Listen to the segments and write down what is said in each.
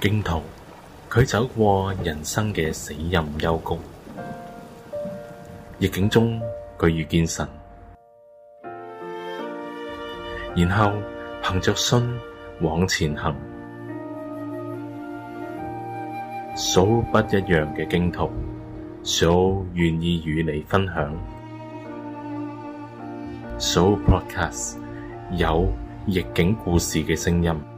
荊徒，佢走過人生嘅死蔭幽谷，逆境中佢遇見神，然後憑着信往前行。數不一樣嘅荊徒，數願意與你分享。數 Podcast 有逆境故事嘅聲音。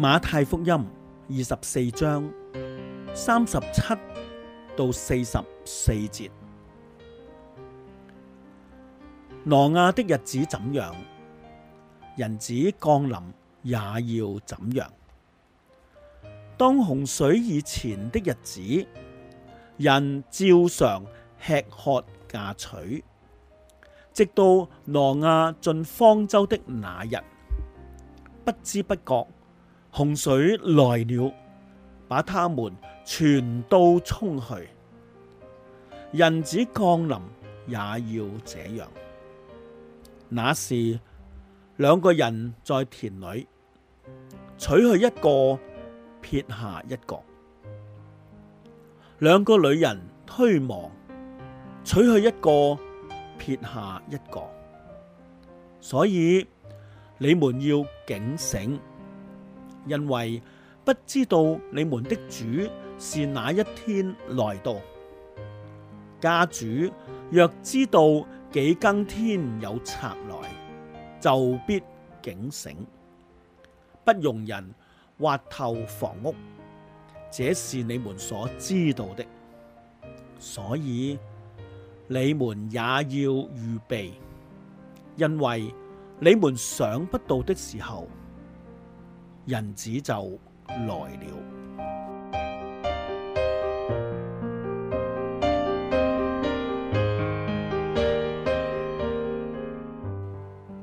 馬太福音二十四章三十七到四十四節，挪亞的日子怎樣，人子降臨也要怎樣。當洪水以前的日子，人照常吃喝嫁娶，直到挪亞進方舟的那日，不知不覺。洪水來了，把他們全都沖去。人子降臨也要這樣。那時兩個人在田裏，取去一個，撇下一個；兩個女人推磨，取去一個，撇下一個。所以你們要警醒。因為不知道你們的主是哪一天來到，家主若知道幾更天有賊來，就必警醒，不容人挖透房屋。這是你們所知道的，所以你們也要預備，因為你們想不到的時候，人子就來了。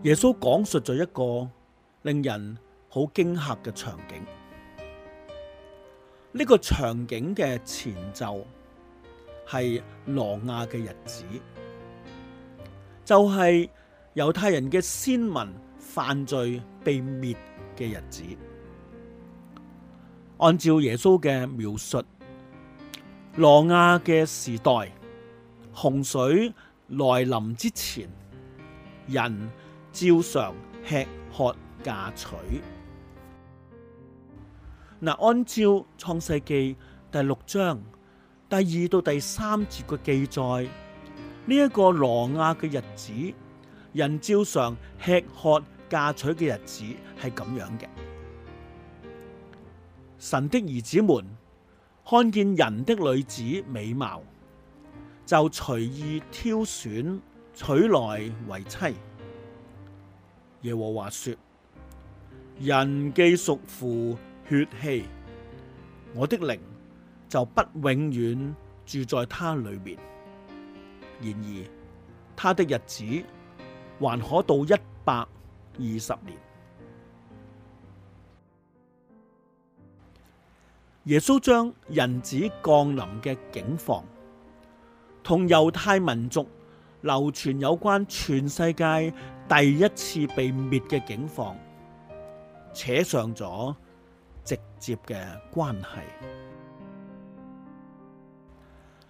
耶穌講述咗一個令人好驚嚇嘅場景。呢個場景嘅前奏係羅亞嘅日子，就係猶太人嘅先民犯罪被滅嘅日子。按照耶穌嘅描述，挪亞嘅時代洪水來臨之前，人照常吃喝嫁娶。嗱，按照創世記第六章第二到第三節嘅記載，呢、這、一個挪亞嘅日子，人照常吃喝嫁娶嘅日子係咁樣嘅。神的兒子們看見人的女子美貌，就隨意挑選取來為妻。耶和華說：人既屬乎血氣，我的靈就不永遠住在他裏面。然而他的日子還可到一百二十年。耶穌將人子降臨嘅景況，同猶太民族流傳有關全世界第一次被滅嘅景況扯上咗直接嘅關係。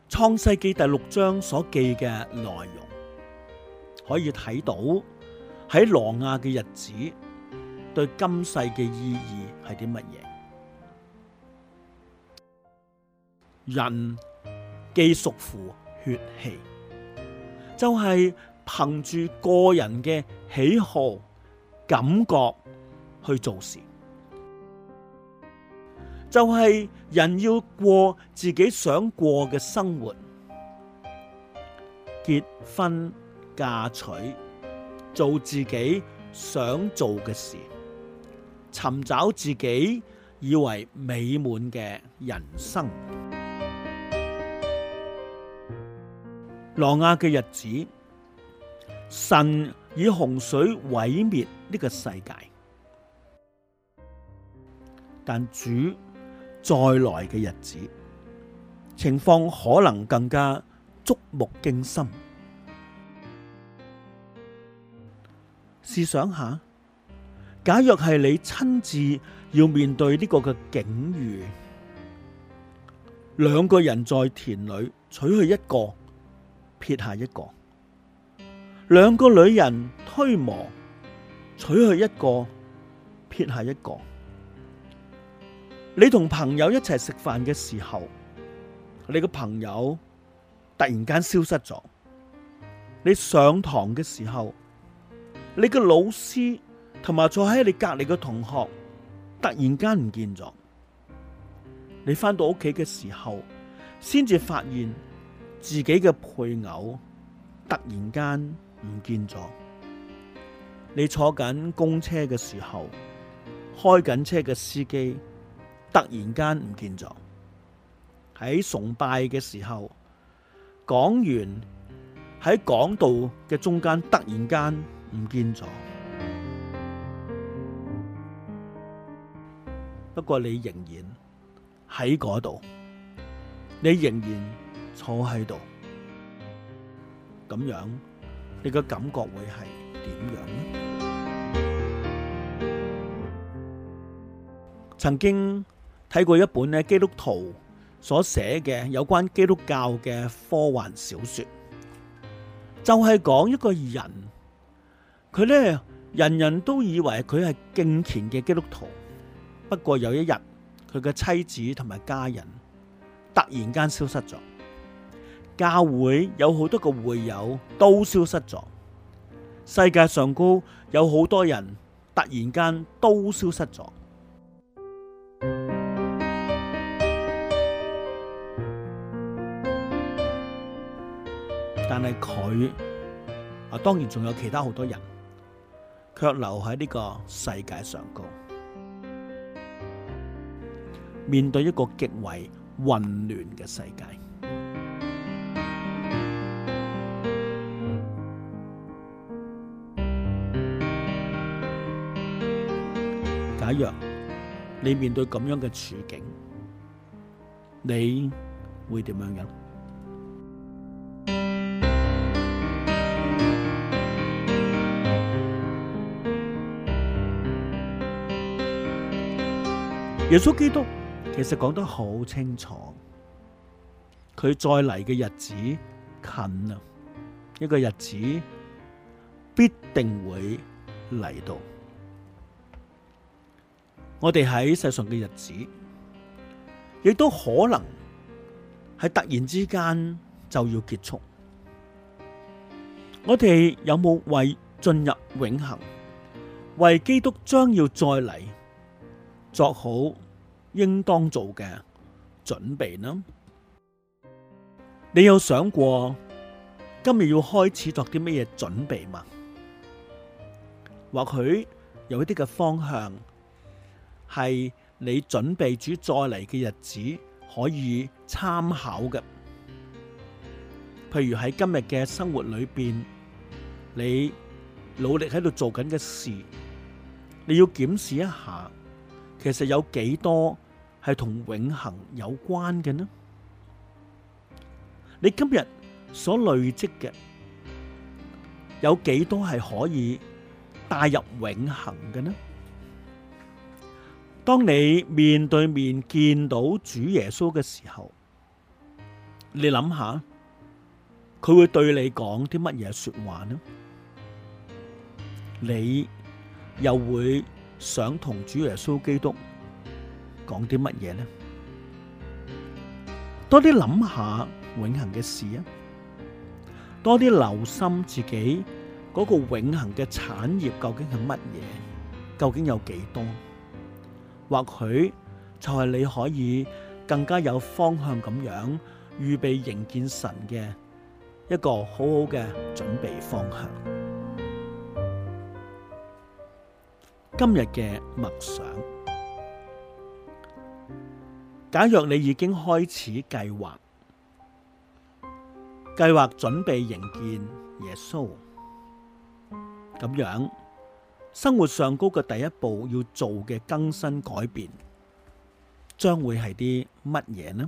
創世記第六章所記嘅內容，可以睇到喺挪亞嘅日子對今世嘅意義係啲乜嘢？人既屬乎血氣，就係憑住個人嘅喜好、感覺去做事，就係人要過自己想過嘅生活，結婚、嫁娶，做自己想做嘅事，尋找自己以為美滿嘅人生。挪亞嘅日子，神以洪水毀滅呢個世界，但主再來嘅日子，情況可能更加觸目驚心。試想下，假若係你親自要面對呢個嘅境遇，兩個人在田裏取去一個。撇下一個，兩個女人推磨，取去一個，撇下一個。你同朋友一齊食飯嘅時候，你個朋友突然間消失咗。你上堂嘅時候，你個老師同埋坐喺你隔籬嘅同學突然間唔見咗。你返到屋企嘅時候，先至發現。自己嘅配偶突然間唔見咗，你坐緊公車嘅時候，開緊車嘅司機突然間唔見咗，喺崇拜嘅時候講完，喺講道嘅中間突然間唔見咗，不過你仍然喺嗰度，你仍然。坐喺度咁樣，你個感覺會係點樣呢？曾經睇過一本呢基督徒所寫嘅有關基督教嘅科幻小說，就係講一個人，佢呢人人都以為佢係敬虔嘅基督徒，不過有一日佢嘅妻子同埋家人突然間消失咗。教會有好多個會友都消失咗，世界上高有好多人突然間都消失咗，但係佢啊，當然仲有其他好多人，卻留喺呢個世界上高，面對一個極為混亂嘅世界。一樣，你面對咁樣嘅處境，你會點樣樣？耶穌基督其實講得好清楚，佢再嚟嘅日子近啦，一個日子必定會嚟到。我哋喺世上嘅日子，亦都可能喺突然之間就要結束。我哋有冇為進入永恆、為基督將要再嚟，作好應當做嘅準備呢？你有想過今日要開始作啲乜嘢準備嗎？或許有一啲嘅方向。係你準備主再嚟嘅日子，可以參考嘅。譬如喺今日嘅生活裏邊，你努力喺度做緊嘅事，你要檢視一下，其實有幾多係同永恆有關嘅呢？你今日所累積嘅，有幾多係可以帶入永恆嘅呢？當你面對面見到主耶穌嘅時候，你諗下，佢會對你講啲乜嘢說話呢？你又會想同主耶穌基督講啲乜嘢呢？多啲諗下永恆嘅事啊！多啲留心自己嗰個永恆嘅產業究竟係乜嘢？究竟有幾多？或許就係你可以更加有方向咁樣預備迎見神嘅一個好好嘅準備方向。今日嘅默想，假若你已經開始計劃、計劃準備迎見耶穌，咁樣。生活上高嘅第一步要做嘅更新改變，將會係啲乜嘢呢？